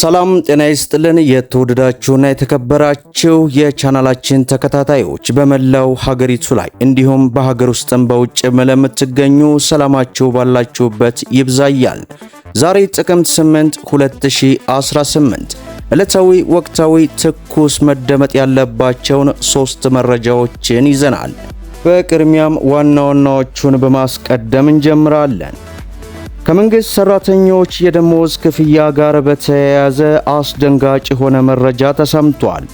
ሰላም ጤና ይስጥልን። የተወደዳችሁና የተከበራችሁ የቻናላችን ተከታታዮች በመላው ሀገሪቱ ላይ እንዲሁም በሀገር ውስጥም በውጭም ለምትገኙ ሰላማችሁ ባላችሁበት ይብዛያል። ዛሬ ጥቅምት 8 2018 ዕለታዊ ወቅታዊ ትኩስ መደመጥ ያለባቸውን ሶስት መረጃዎችን ይዘናል። በቅድሚያም ዋና ዋናዎቹን በማስቀደም እንጀምራለን። ከመንግስት ሰራተኞች የደሞዝ ክፍያ ጋር በተያያዘ አስደንጋጭ የሆነ መረጃ ተሰምቷል።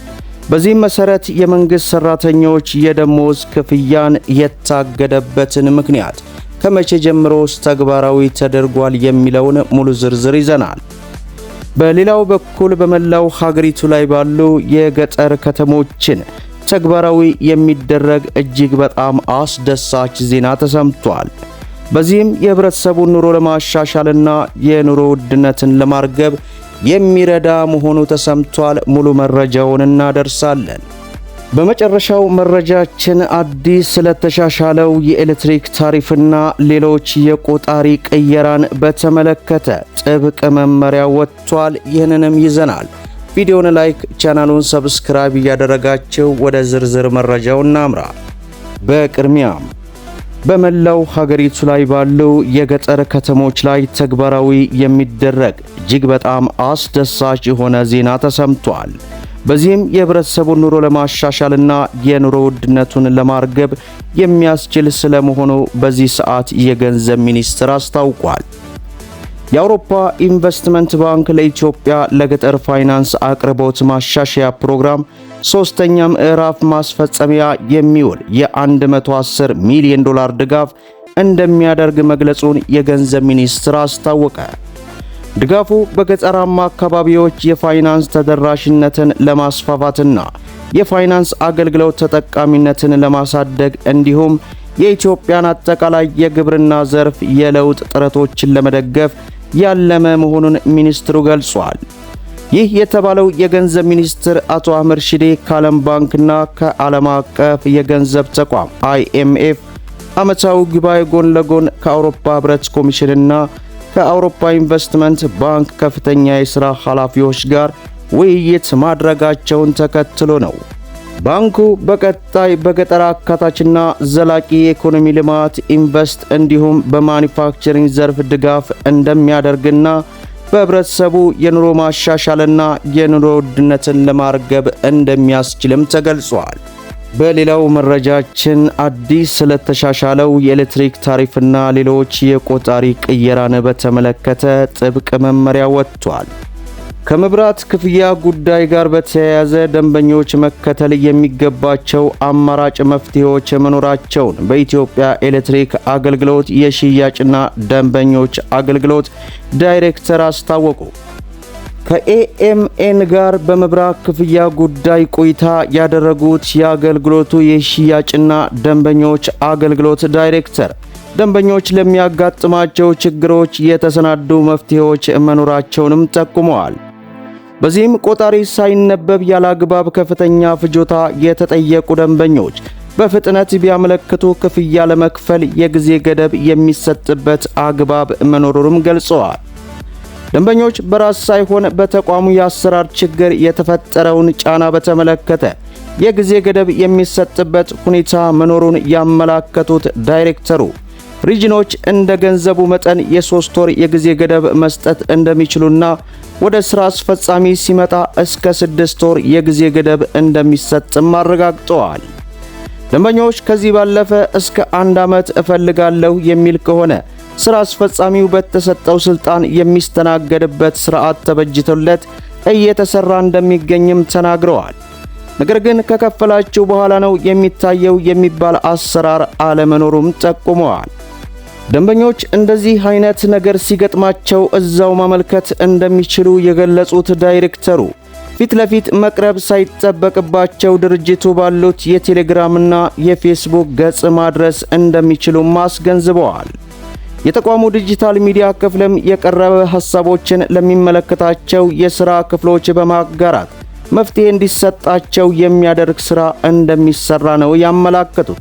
በዚህም መሰረት የመንግስት ሰራተኞች የደሞዝ ክፍያን የታገደበትን ምክንያት ከመቼ ጀምሮስ ተግባራዊ ተደርጓል የሚለውን ሙሉ ዝርዝር ይዘናል። በሌላው በኩል በመላው ሀገሪቱ ላይ ባሉ የገጠር ከተሞችን ተግባራዊ የሚደረግ እጅግ በጣም አስደሳች ዜና ተሰምቷል። በዚህም የህብረተሰቡን ኑሮ ለማሻሻልና የኑሮ ውድነትን ለማርገብ የሚረዳ መሆኑ ተሰምቷል። ሙሉ መረጃውን እናደርሳለን። በመጨረሻው መረጃችን አዲስ ስለተሻሻለው የኤሌክትሪክ ታሪፍና ሌሎች የቆጣሪ ቅየራን በተመለከተ ጥብቅ መመሪያ ወጥቷል። ይህንንም ይዘናል። ቪዲዮውን ላይክ፣ ቻናሉን ሰብስክራይብ እያደረጋችሁ ወደ ዝርዝር መረጃው እናምራ። በቅድሚያም በመላው ሀገሪቱ ላይ ባሉ የገጠር ከተሞች ላይ ተግባራዊ የሚደረግ እጅግ በጣም አስደሳች የሆነ ዜና ተሰምቷል። በዚህም የህብረተሰቡን ኑሮ ለማሻሻልና የኑሮ ውድነቱን ለማርገብ የሚያስችል ስለመሆኑ በዚህ ሰዓት የገንዘብ ሚኒስትር አስታውቋል። የአውሮፓ ኢንቨስትመንት ባንክ ለኢትዮጵያ ለገጠር ፋይናንስ አቅርቦት ማሻሻያ ፕሮግራም ሶስተኛ ምዕራፍ ማስፈጸሚያ የሚውል የ110 ሚሊዮን ዶላር ድጋፍ እንደሚያደርግ መግለጹን የገንዘብ ሚኒስትር አስታወቀ። ድጋፉ በገጠራማ አካባቢዎች የፋይናንስ ተደራሽነትን ለማስፋፋትና የፋይናንስ አገልግሎት ተጠቃሚነትን ለማሳደግ እንዲሁም የኢትዮጵያን አጠቃላይ የግብርና ዘርፍ የለውጥ ጥረቶችን ለመደገፍ ያለመ መሆኑን ሚኒስትሩ ገልጿል። ይህ የተባለው የገንዘብ ሚኒስትር አቶ አህመድ ሺዴ ከዓለም ባንክና ከዓለም አቀፍ የገንዘብ ተቋም አይኤምኤፍ ዓመታዊ ጉባኤ ጎን ለጎን ከአውሮፓ ህብረት ኮሚሽንና ከአውሮፓ ኢንቨስትመንት ባንክ ከፍተኛ የሥራ ኃላፊዎች ጋር ውይይት ማድረጋቸውን ተከትሎ ነው። ባንኩ በቀጣይ በገጠር አካታችና ዘላቂ የኢኮኖሚ ልማት ኢንቨስት እንዲሁም በማኒፋክቸሪንግ ዘርፍ ድጋፍ እንደሚያደርግና በህብረተሰቡ የኑሮ ማሻሻልና የኑሮ ውድነትን ለማርገብ እንደሚያስችልም ተገልጿል። በሌላው መረጃችን አዲስ ስለተሻሻለው የኤሌክትሪክ ታሪፍና ሌሎች የቆጣሪ ቅየራን በተመለከተ ጥብቅ መመሪያ ወጥቷል። ከመብራት ክፍያ ጉዳይ ጋር በተያያዘ ደንበኞች መከተል የሚገባቸው አማራጭ መፍትሄዎች መኖራቸውን በኢትዮጵያ ኤሌክትሪክ አገልግሎት የሽያጭና ደንበኞች አገልግሎት ዳይሬክተር አስታወቁ። ከኤኤምኤን ጋር በመብራት ክፍያ ጉዳይ ቆይታ ያደረጉት የአገልግሎቱ የሽያጭና ደንበኞች አገልግሎት ዳይሬክተር ደንበኞች ለሚያጋጥማቸው ችግሮች የተሰናዱ መፍትሄዎች መኖራቸውንም ጠቁመዋል። በዚህም ቆጣሪ ሳይነበብ ያላግባብ ከፍተኛ ፍጆታ የተጠየቁ ደንበኞች በፍጥነት ቢያመለክቱ ክፍያ ለመክፈል የጊዜ ገደብ የሚሰጥበት አግባብ መኖሩንም ገልጸዋል። ደንበኞች በራስ ሳይሆን በተቋሙ የአሰራር ችግር የተፈጠረውን ጫና በተመለከተ የጊዜ ገደብ የሚሰጥበት ሁኔታ መኖሩን ያመላከቱት ዳይሬክተሩ ሪጅኖች እንደ ገንዘቡ መጠን የሶስት ወር የጊዜ ገደብ መስጠት እንደሚችሉና ወደ ስራ አስፈጻሚ ሲመጣ እስከ ስድስት ወር የጊዜ ገደብ እንደሚሰጥም አረጋግጠዋል። ደንበኞች ከዚህ ባለፈ እስከ አንድ ዓመት እፈልጋለሁ የሚል ከሆነ ስራ አስፈጻሚው በተሰጠው ስልጣን የሚስተናገድበት ስርዓት ተበጅቶለት እየተሰራ እንደሚገኝም ተናግረዋል። ነገር ግን ከከፈላችሁ በኋላ ነው የሚታየው የሚባል አሰራር አለመኖሩም ጠቁመዋል። ደንበኞች እንደዚህ አይነት ነገር ሲገጥማቸው እዛው ማመልከት እንደሚችሉ የገለጹት ዳይሬክተሩ ፊት ለፊት መቅረብ ሳይጠበቅባቸው ድርጅቱ ባሉት የቴሌግራምና የፌስቡክ ገጽ ማድረስ እንደሚችሉ አስገንዝበዋል። የተቋሙ ዲጂታል ሚዲያ ክፍልም የቀረበ ሐሳቦችን ለሚመለከታቸው የሥራ ክፍሎች በማጋራት መፍትሄ እንዲሰጣቸው የሚያደርግ ሥራ እንደሚሠራ ነው ያመላከቱት።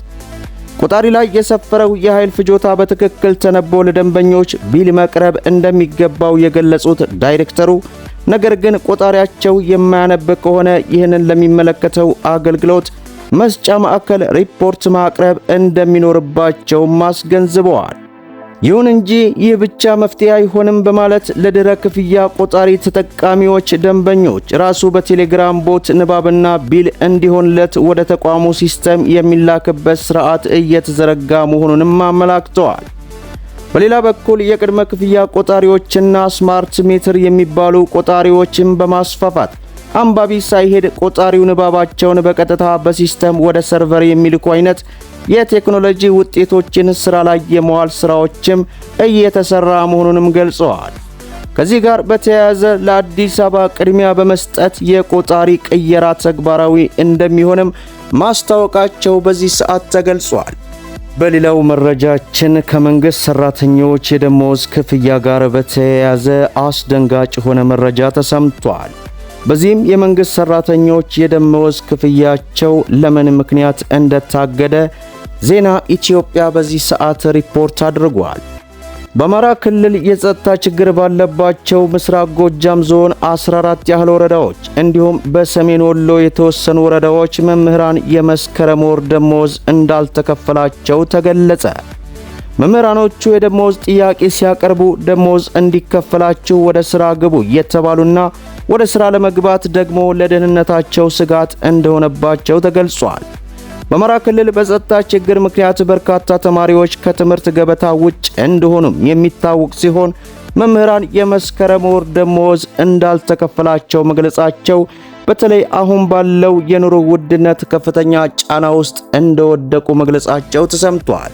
ቆጣሪ ላይ የሰፈረው የኃይል ፍጆታ በትክክል ተነቦ ለደንበኞች ቢል መቅረብ እንደሚገባው የገለጹት ዳይሬክተሩ ነገር ግን ቆጣሪያቸው የማያነብ ከሆነ ይህንን ለሚመለከተው አገልግሎት መስጫ ማዕከል ሪፖርት ማቅረብ እንደሚኖርባቸውም አስገንዝበዋል። ይሁን እንጂ ይህ ብቻ መፍትሄ አይሆንም በማለት ለድረ ክፍያ ቆጣሪ ተጠቃሚዎች ደንበኞች ራሱ በቴሌግራም ቦት ንባብና ቢል እንዲሆንለት ወደ ተቋሙ ሲስተም የሚላክበት ስርዓት እየተዘረጋ መሆኑንም አመላክተዋል። በሌላ በኩል የቅድመ ክፍያ ቆጣሪዎችና ስማርት ሜትር የሚባሉ ቆጣሪዎችን በማስፋፋት አንባቢ ሳይሄድ ቆጣሪው ንባባቸውን በቀጥታ በሲስተም ወደ ሰርቨር የሚልኩ አይነት የቴክኖሎጂ ውጤቶችን ስራ ላይ የመዋል ስራዎችም እየተሰራ መሆኑንም ገልጸዋል። ከዚህ ጋር በተያያዘ ለአዲስ አበባ ቅድሚያ በመስጠት የቆጣሪ ቅየራ ተግባራዊ እንደሚሆንም ማስታወቃቸው በዚህ ሰዓት ተገልጿል። በሌላው መረጃችን ከመንግስት ሰራተኞች የደሞዝ ክፍያ ጋር በተያያዘ አስደንጋጭ የሆነ መረጃ ተሰምቷል። በዚህም የመንግሥት ሠራተኞች የደመወዝ ክፍያቸው ለምን ምክንያት እንደታገደ ዜና ኢትዮጵያ በዚህ ሰዓት ሪፖርት አድርጓል። በአማራ ክልል የጸጥታ ችግር ባለባቸው ምስራቅ ጎጃም ዞን 14 ያህል ወረዳዎች እንዲሁም በሰሜን ወሎ የተወሰኑ ወረዳዎች መምህራን የመስከረም ወር ደመወዝ እንዳልተከፈላቸው ተገለጸ። መምህራኖቹ የደመወዝ ጥያቄ ሲያቀርቡ ደመወዝ እንዲከፈላችሁ ወደ ሥራ ግቡ የተባሉና ወደ ስራ ለመግባት ደግሞ ለደህንነታቸው ስጋት እንደሆነባቸው ተገልጿል። በአማራ ክልል በጸጥታ ችግር ምክንያት በርካታ ተማሪዎች ከትምህርት ገበታ ውጭ እንደሆኑም የሚታወቅ ሲሆን መምህራን የመስከረም ወር ደሞዝ እንዳልተከፈላቸው መግለጻቸው በተለይ አሁን ባለው የኑሮ ውድነት ከፍተኛ ጫና ውስጥ እንደወደቁ መግለጻቸው ተሰምቷል።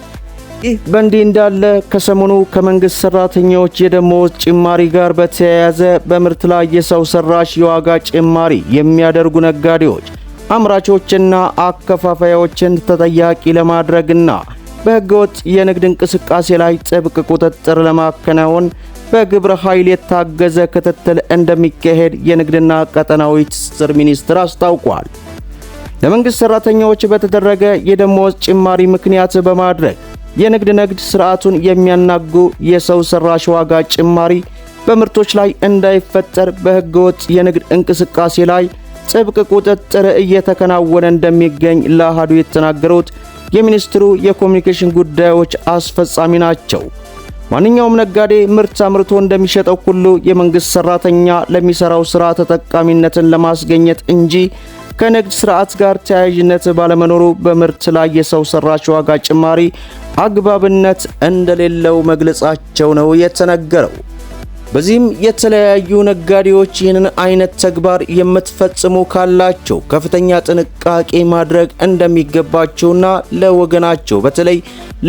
ይህ በእንዲህ እንዳለ ከሰሞኑ ከመንግስት ሰራተኞች የደሞዝ ጭማሪ ጋር በተያያዘ በምርት ላይ የሰው ሰራሽ የዋጋ ጭማሪ የሚያደርጉ ነጋዴዎች አምራቾችና አከፋፋዮችን ተጠያቂ ለማድረግና በህገወጥ የንግድ እንቅስቃሴ ላይ ጥብቅ ቁጥጥር ለማከናወን በግብረ ኃይል የታገዘ ክትትል እንደሚካሄድ የንግድና ቀጠናዊ ትስስር ሚኒስቴር አስታውቋል። ለመንግሥት ሠራተኞች በተደረገ የደሞዝ ጭማሪ ምክንያት በማድረግ የንግድ ንግድ ስርዓቱን የሚያናጉ የሰው ሰራሽ ዋጋ ጭማሪ በምርቶች ላይ እንዳይፈጠር በህገወጥ የንግድ እንቅስቃሴ ላይ ጥብቅ ቁጥጥር እየተከናወነ እንደሚገኝ ለአሃዱ የተናገሩት የሚኒስትሩ የኮሚኒኬሽን ጉዳዮች አስፈጻሚ ናቸው። ማንኛውም ነጋዴ ምርት አምርቶ እንደሚሸጠው ሁሉ የመንግሥት ሠራተኛ ለሚሠራው ሥራ ተጠቃሚነትን ለማስገኘት እንጂ ከንግድ ሥርዓት ጋር ተያያዥነት ባለመኖሩ በምርት ላይ የሰው ሠራሽ ዋጋ ጭማሪ አግባብነት እንደሌለው መግለጻቸው ነው የተነገረው። በዚህም የተለያዩ ነጋዴዎች ይህንን አይነት ተግባር የምትፈጽሙ ካላቸው ከፍተኛ ጥንቃቄ ማድረግ እንደሚገባቸውና ለወገናቸው በተለይ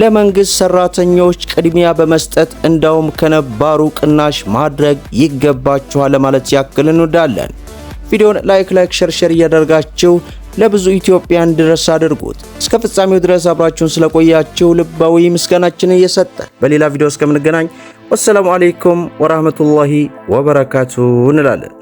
ለመንግሥት ሠራተኞች ቅድሚያ በመስጠት እንዳውም ከነባሩ ቅናሽ ማድረግ ይገባችኋል ለማለት ያክል እንወዳለን። ቪዲዮን ላይክ ላይክ ሸርሸር እያደርጋችሁ ለብዙ ኢትዮጵያን ድረስ አድርጉት። እስከ ፍጻሜው ድረስ አብራችሁን ስለቆያችሁ ልባዊ ምስጋናችንን እየሰጠ በሌላ ቪዲዮ እስከምንገናኝ ወሰላሙ አሌይኩም ወራህመቱላሂ ወበረካቱ እንላለን።